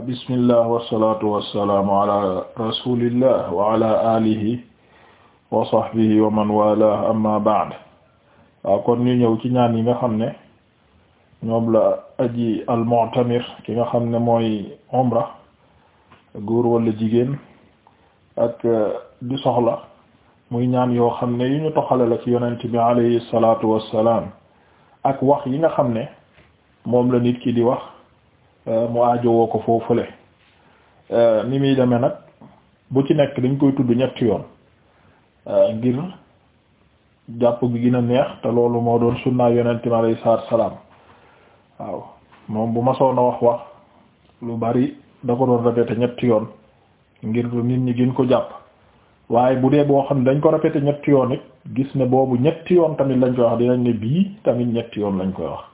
bismillah wasalaatu wasalaamu ala rasulillah wa ala alihi wa kon ñu ñëw ci ñaan yi nga xam ne ñoom la ki nga xam ne mooy umra góor wala jigéen ak uh, di soxla muy ñaan yoo xam ne yu ci yonent bi alayhi ak wax yi nga xam ne moom la nit ki di wax Euh, mu woo ko foofule euh, ni muy demee nag bu ci nekk dañ koy tudd ñetti yoon euh, ngir jàpp gi gin a neex te loolu moo doon sunnaa yonent mi alayhi salaatu salaam waaw moom bu ma soon a wax wax lu bari da ko doon répété ñetti yoon ngir nit ñi gën ko jàpp waaye bu dee boo xam ne dañ ko répété ñetti yoon it gis ne boobu ñetti yoon tamit lañ koy wax dinañ ne bii tamit ñetti yoon lañ koy wax